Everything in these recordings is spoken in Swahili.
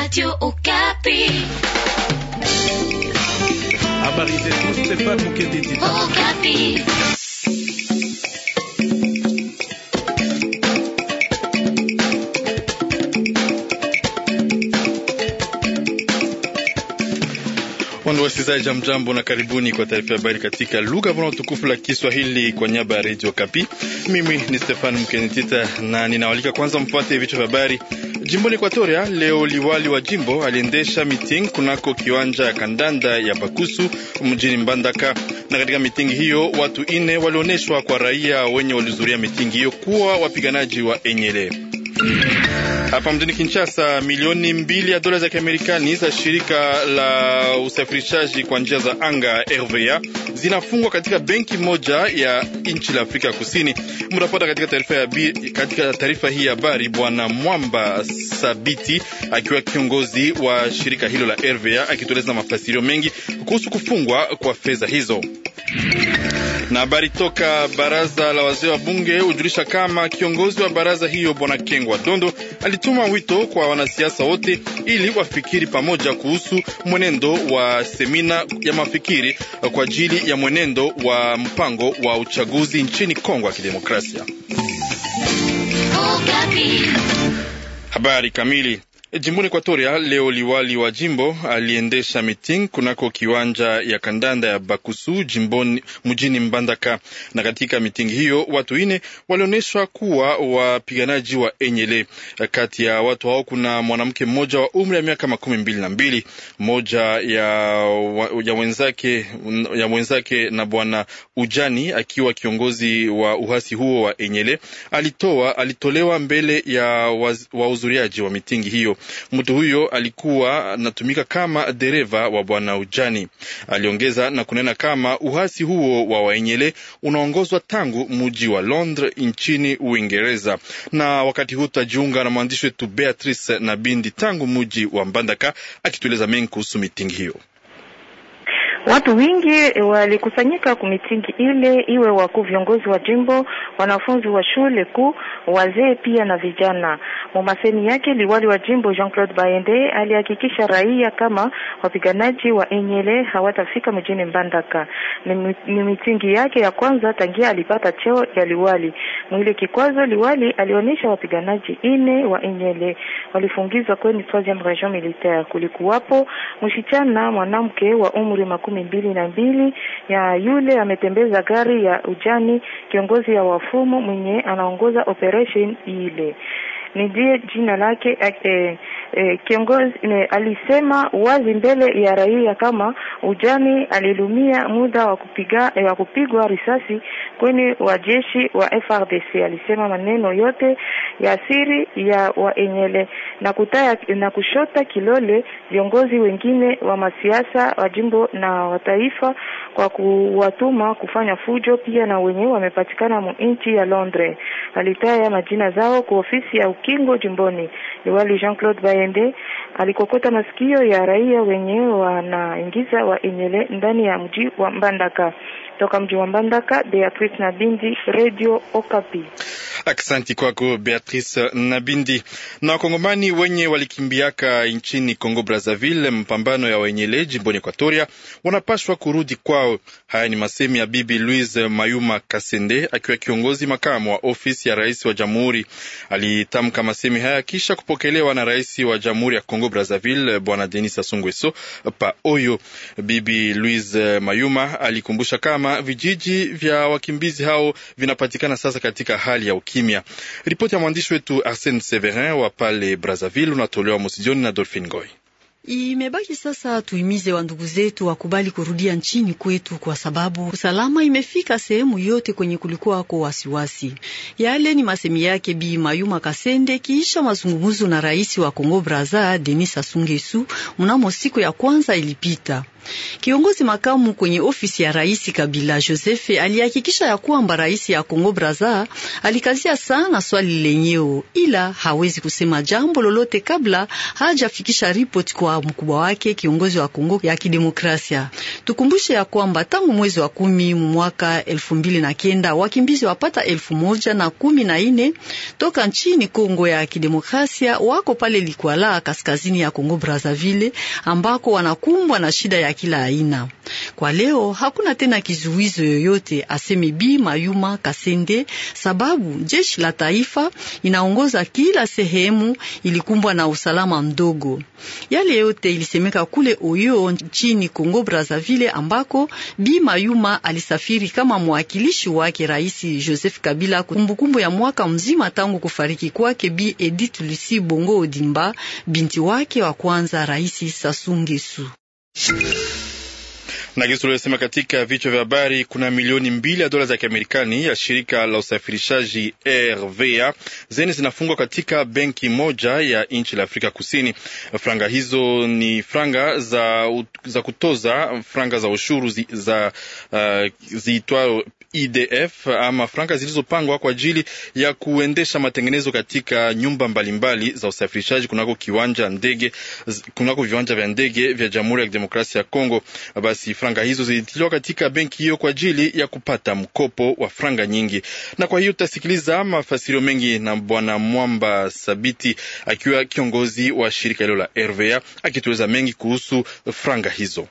Radio Okapi. Habari zetu Stefan Muketi. Okapi. Wasikilizaji, mjambo na karibuni kwa taarifa ya habari katika lugha vona tukufu la Kiswahili kwa niaba ya Radio Kapi. Mimi ni Stefan Mkenitita na ninawalika kwanza mfuate vichwa vya habari Jimboni Ekuatoria leo liwali wa jimbo aliendesha miting kunako kiwanja ya kandanda ya Bakusu mjini Mbandaka, na katika mitingi hiyo watu ine walioneshwa kwa raia wenye walihudhuria mitingi hiyo kuwa wapiganaji wa Enyele. Hapa mjini Kinshasa, milioni mbili ya dola za Kiamerikani za shirika la usafirishaji kwa njia za anga RVA zinafungwa katika benki moja ya nchi la Afrika Kusini. Mtapata katika taarifa ya katika taarifa hii ya habari Bwana Mwamba Sabiti akiwa kiongozi wa shirika hilo la RVA akitueleza mafasirio mengi kuhusu kufungwa kwa fedha hizo. Na habari toka baraza la wazee wa bunge hujulisha kama kiongozi wa baraza hiyo bwana Kengwa Dondo alituma wito kwa wanasiasa wote ili wafikiri pamoja kuhusu mwenendo wa semina ya mafikiri kwa ajili ya mwenendo wa mpango wa uchaguzi nchini Kongo ya Kidemokrasia. Oh, habari kamili Jimboni ekuatoria leo liwali wa jimbo aliendesha miting kunako kiwanja ya kandanda ya Bakusu jimboni mjini Mbandaka, na katika miting hiyo watu ine walionyeshwa kuwa wapiganaji wa Enyele. Kati ya watu hao kuna mwanamke mmoja wa umri ya miaka makumi mbili na mbili, mmoja ya, ya wenzake ya mwenzake na bwana Ujani akiwa kiongozi wa uhasi huo wa Enyele alitoa, alitolewa mbele ya wahudhuriaji wa mitingi hiyo. Mtu huyo alikuwa anatumika kama dereva wa bwana Ujani. Aliongeza na kunena kama uhasi huo wa Waenyele unaongozwa tangu mji wa Londres nchini Uingereza. Na wakati huu tutajiunga na mwandishi wetu Beatrice na Bindi tangu mji wa Mbandaka akitueleza mengi kuhusu mitingi hiyo. Watu wingi eh, walikusanyika kumitingi ile, iwe wakuu viongozi wa jimbo, wanafunzi wa shule kuu, wazee pia na vijana. Mumasemi yake liwali wa jimbo Jean Claude Baende alihakikisha raia kama wapiganaji wa Enyele hawatafika mjini Mbandaka. Ni mitingi yake ya kwanza tangia alipata cheo ya liwali mwili kikwazo, liwali alionyesha wapiganaji ine wa Enyele walifungizwa kwenye troisieme region militaire. Kulikuwapo msichana mwanamke wa umri makumi mbili na mbili ya yule ametembeza gari ya ujani, kiongozi ya wafumu mwenye anaongoza operation ile ni ndiye jina lake eh, e, kiongozi eh, alisema wazi mbele ya raia kama ujani alilumia muda wa kupiga eh, wa kupigwa risasi kwenye wajeshi wa FRDC. Alisema maneno yote ya siri ya waenyele na kutaya, na kushota kilole viongozi wengine wa masiasa wa jimbo na wa taifa kwa kuwatuma kufanya fujo, pia na wenyewe wamepatikana mu nchi ya Londres. Alitaya majina zao kwa ofisi ya Kingo jimboni ni wali Jean Claude Bayende alikokota masikio ya raia wenyewe wanaingiza wa enyele ndani ya mji wa Mbandaka. Toka mji wa Mbandaka, Beatrice Nabindi, Radio Okapi. Aksanti kwako Beatrice Nabindi. Na wakongomani wenye walikimbiaka nchini congo Brazzaville mpambano ya wenyeleji jimboni Ekuatoria, wanapashwa kurudi kwao. Haya ni masemi ya Bibi Louise Mayuma Kasende akiwa kiongozi makamu wa ofisi ya rais wa jamhuri. Alitamka masemi haya kisha kupokelewa na rais wa jamhuri ya congo Brazzaville Bwana Denis Sassou Nguesso pa Oyo. Bibi Louise Mayuma alikumbusha kama vijiji vya wakimbizi hao vinapatikana sasa katika hali ya uki kimya. Ripoti ya mwandishi wetu Arsene Severin wa pale Brazzaville unatolewa Mosijoni na Dolphin Goy. Imebaki sasa tuimize wa ndugu zetu wakubali kurudia nchini kwetu, kwa sababu usalama imefika sehemu yote kwenye kulikuwa ko wasiwasi. Yale ni masemi yake Bi Mayuma Kasende kiisha mazungumzo na rais wa Kongo Braza Denis asungesu mnamo siku ya kwanza ilipita. Kiongozi makamu kwenye ofisi ya Rais Kabila Josefe alihakikisha ya kwamba rais ya Kongo Braza alikazia sana swali lenyeo, ila hawezi kusema jambo lolote kabla hajafikisha ripoti kwa mkubwa wake, kiongozi wa Kongo ya Kidemokrasia. Tukumbushe ya kwamba tangu mwezi wa kumi mwaka elfu mbili na kenda wakimbizi wapata elfu moja na kumi na ine toka nchini Kongo ya Kidemokrasia wako pale Likwala, kaskazini ya Kongo Brazaville, ambako wanakumbwa na shida ya kila aina. Kwa leo hakuna tena kizuizo yoyote, aseme Bi Mayuma Kasende, sababu jeshi la taifa inaongoza kila sehemu ilikumbwa na usalama mdogo. Yale yote ilisemeka kule Oyo nchini Kongo Brazzaville, ambako Bi Mayuma alisafiri kama mwakilishi wake Rais Joseph Kabila, kumbukumbu ya mwaka mzima tangu kufariki kwake Bi Edith Lucy Bongo Odimba, binti wake wa kwanza Rais Sasungesu na gisi tuliosema katika vichwa vya habari, kuna milioni mbili ya dola za Kiamerikani ya shirika la usafirishaji RVA zeni zinafungwa katika benki moja ya nchi la Afrika Kusini. Franga hizo ni franga za, za kutoza franga za ushuru zi, za uh, ziitwayo IDF ama franka zilizopangwa kwa ajili ya kuendesha matengenezo katika nyumba mbalimbali mbali za usafirishaji kunako kiwanja ndege, kunako viwanja vya ndege vya Jamhuri ya Kidemokrasia ya Kongo. Basi franga hizo zilitiliwa katika benki hiyo kwa ajili ya kupata mkopo wa franga nyingi, na kwa hiyo tutasikiliza mafasirio mengi na Bwana Mwamba Sabiti akiwa kiongozi wa shirika hilo la RVA akitueleza mengi kuhusu franga hizo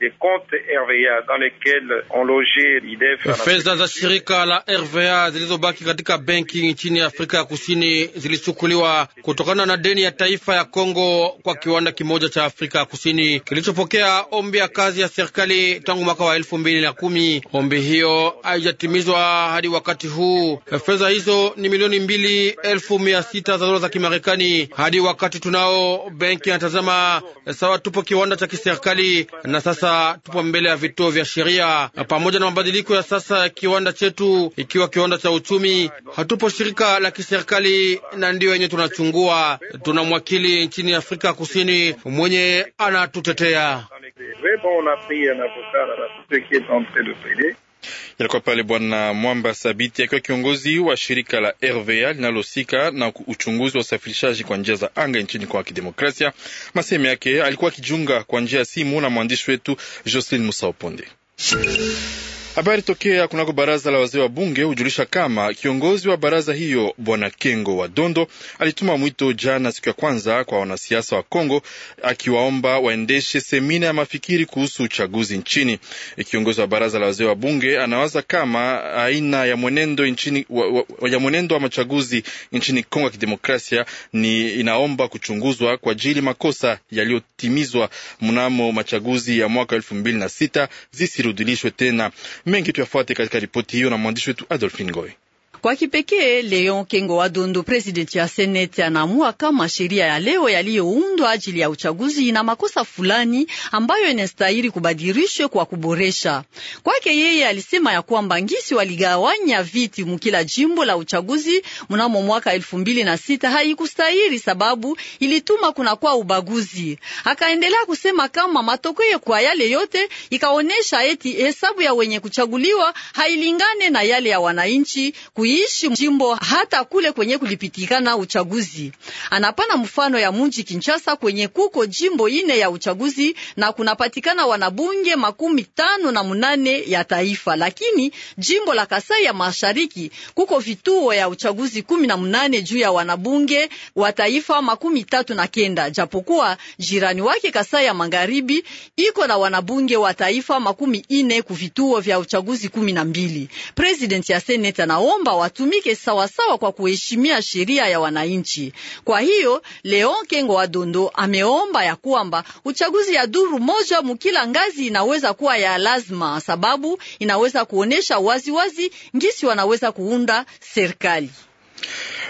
des comptes RVA dans lesquels on logeait IDF. Fedha za shirika la RVA zilizobaki katika benki nchini Afrika ya Kusini zilichukuliwa kutokana na deni ya taifa ya Kongo kwa kiwanda kimoja cha Afrika ya Kusini kilichopokea ombi ya kazi ya serikali tangu mwaka wa elfu mbili na kumi. Ombi hiyo haijatimizwa hadi wakati huu. Fedha hizo ni milioni mbili elfu mia sita za dola za Kimarekani. Hadi wakati tunao benki anatazama sawa, tupo kiwanda cha kiserikali na sasa sasa tupo mbele ya vituo vya sheria, pamoja na mabadiliko ya sasa ya kiwanda chetu, ikiwa kiwanda cha uchumi. Hatupo shirika la kiserikali, na ndiyo yenye tunachungua. Tuna mwakili nchini Afrika Kusini mwenye anatutetea. Yalikuwa pale Bwana Mwamba Sabiti akiwa kiongozi wa shirika la RVA linalohusika na uchunguzi wa usafirishaji kwa njia za anga nchini kwa kidemokrasia. Maseme yake alikuwa akijiunga kwa njia ya simu na mwandishi wetu Jocelyn Musaoponde. Habari tokea kunako baraza la wazee wa bunge hujulisha kama kiongozi wa baraza hiyo bwana Kengo wa Dondo alituma mwito jana siku ya kwanza kwa wanasiasa wa Kongo akiwaomba waendeshe semina ya mafikiri kuhusu uchaguzi nchini. Kiongozi wa baraza la wazee wa bunge anawaza kama aina ya mwenendo, nchini, wa, wa, ya mwenendo wa machaguzi nchini Kongo ya kidemokrasia ni inaomba kuchunguzwa kwa ajili makosa yaliyotimizwa mnamo machaguzi ya mwaka elfu mbili na sita zisirudilishwe tena. Mengi tuyafuate katika ripoti hiyo na mwandishi wetu Adolfin Goy. Kwa kipekee leo Kengo wa Dundu, presidenti ya seneti, anaamua kama sheria ya leo yaliyoundwa ajili ya uchaguzi ina makosa fulani ambayo inastahili kubadirishwe kwa kuboresha. Kwake yeye alisema ya kwamba ngisi waligawanya viti mukila jimbo la uchaguzi mnamo mwaka elfu mbili na sita haikustahili sababu ilituma kunakuwa ubaguzi. Akaendelea kusema kama matokeo kwa yale yote ikaonyesha eti hesabu ya wenye kuchaguliwa hailingane na yale ya wananchi kuishi jimbo hata kule kwenye kulipitikana uchaguzi. Anapana mfano ya munji Kinshasa kwenye kuko jimbo ine ya uchaguzi na kunapatikana wanabunge makumi tano na munane ya taifa, lakini jimbo la Kasai ya Mashariki kuko vituo ya uchaguzi kumi na munane juu ya wanabunge wa taifa makumi tatu na kenda japokuwa jirani wake Kasai ya Magharibi iko na wanabunge wa taifa makumi ine kuvituo vya uchaguzi kumi na mbili. Presidenti ya seneta naomba watumike sawasawa kwa kuheshimia sheria ya wananchi. Kwa hiyo Leon Kengo wa Dondo ameomba ya kwamba uchaguzi ya duru moja mukila ngazi inaweza kuwa ya lazima, sababu inaweza kuonyesha waziwazi ngisi wanaweza kuunda serikali.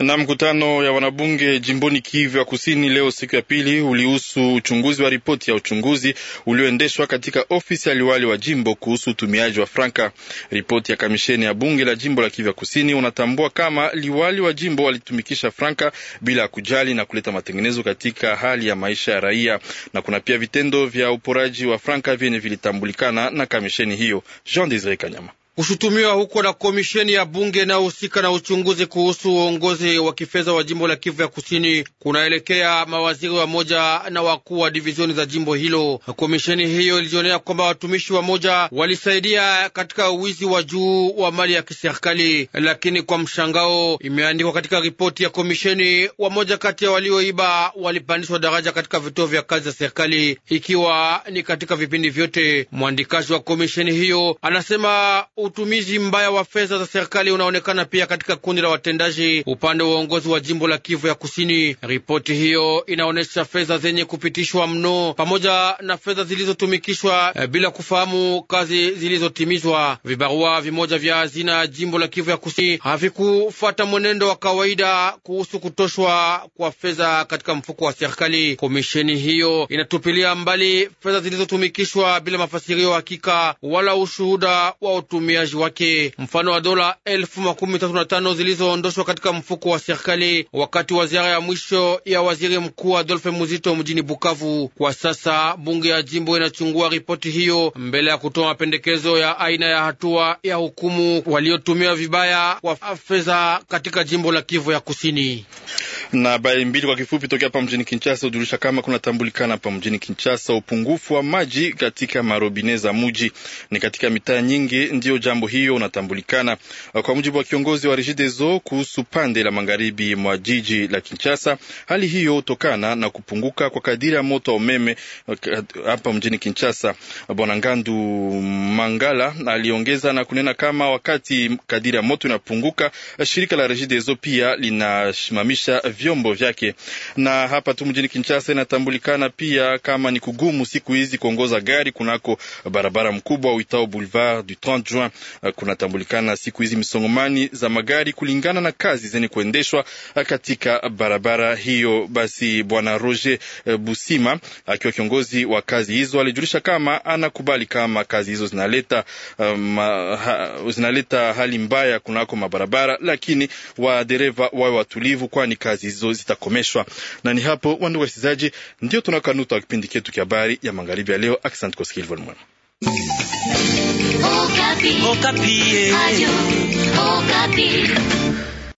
Na mkutano ya wanabunge jimboni Kivu ya Kusini leo siku ya pili ulihusu uchunguzi wa ripoti ya uchunguzi ulioendeshwa katika ofisi ya liwali wa jimbo kuhusu utumiaji wa franka. Ripoti ya kamisheni ya bunge la jimbo la Kivu ya Kusini unatambua kama liwali wa jimbo walitumikisha franka bila ya kujali na kuleta matengenezo katika hali ya maisha ya raia, na kuna pia vitendo vya uporaji wa franka vyenye vilitambulikana na kamisheni hiyo. Jean Desire Kanyama kushutumiwa huko na komisheni ya bunge inayohusika na uchunguzi kuhusu uongozi wa kifedha wa jimbo la Kivu ya kusini kunaelekea mawaziri wa moja na wakuu wa divizioni za jimbo hilo. Komisheni hiyo ilijionea kwamba watumishi wa moja walisaidia katika wizi wa juu wa mali ya kiserikali, lakini kwa mshangao imeandikwa katika ripoti ya komisheni, wamoja kati ya walioiba walipandishwa daraja katika vituo vya kazi za serikali, ikiwa ni katika vipindi vyote. Mwandikaji wa komisheni hiyo anasema utumizi mbaya wa fedha za serikali unaonekana pia katika kundi la watendaji upande wa uongozi wa jimbo la Kivu ya Kusini. Ripoti hiyo inaonyesha fedha zenye kupitishwa mno pamoja na fedha zilizotumikishwa eh, bila kufahamu kazi zilizotimizwa. Vibarua vimoja vya hazina ya jimbo la Kivu ya Kusini havikufuata mwenendo wa kawaida kuhusu kutoshwa kwa fedha katika mfuko wa serikali. Komisheni hiyo inatupilia mbali fedha zilizotumikishwa bila mafasirio hakika wala ushuhuda wa utumizi utumiaji wake, mfano wa dola elfu makumi tatu na tano zilizoondoshwa katika mfuko wa serikali wakati wa ziara ya mwisho ya waziri mkuu adolfe Muzito mjini Bukavu. Kwa sasa bunge ya jimbo inachungua ripoti hiyo mbele ya kutoa mapendekezo ya aina ya hatua ya hukumu waliotumia vibaya wa fedha katika jimbo la Kivu ya Kusini na habari mbili kwa kifupi tokea hapa mjini Kinshasa hujulisha kama kunatambulikana hapa mjini Kinshasa upungufu wa maji katika marobine za muji ni katika mitaa nyingi, ndio jambo hiyo unatambulikana. Kwa mujibu wa kiongozi wa Regideso kuhusu pande la magharibi mwa jiji la Kinshasa, hali hiyo hutokana na kupunguka kwa kadiri ya moto wa umeme hapa mjini Kinshasa. Bwana Ngandu Mangala aliongeza na kunena kama wakati kadiri ya moto inapunguka, shirika la Regideso pia linasimamisha vyombo vyake. Na hapa tu mjini Kinshasa inatambulikana pia kama ni kugumu siku hizi kuongoza gari kunako barabara mkubwa uitao Boulevard du 30 Juin. Kunatambulikana siku hizi misongomani za magari kulingana na kazi zenye kuendeshwa katika barabara hiyo. Basi bwana Roger eh, Busima akiwa kiongozi wa kazi hizo alijulisha kama anakubali kama kazi hizo zinaleta, um, ha, zinaleta hali mbaya kunako mabarabara, lakini wadereva wawe watulivu, kwani kazi hizo zitakomeshwa. Na ni hapo, wandugu wasikilizaji, ndio tunakanuta wa kipindi chetu cha habari ya magharibi ya leo. Asante kusikiliza mwema.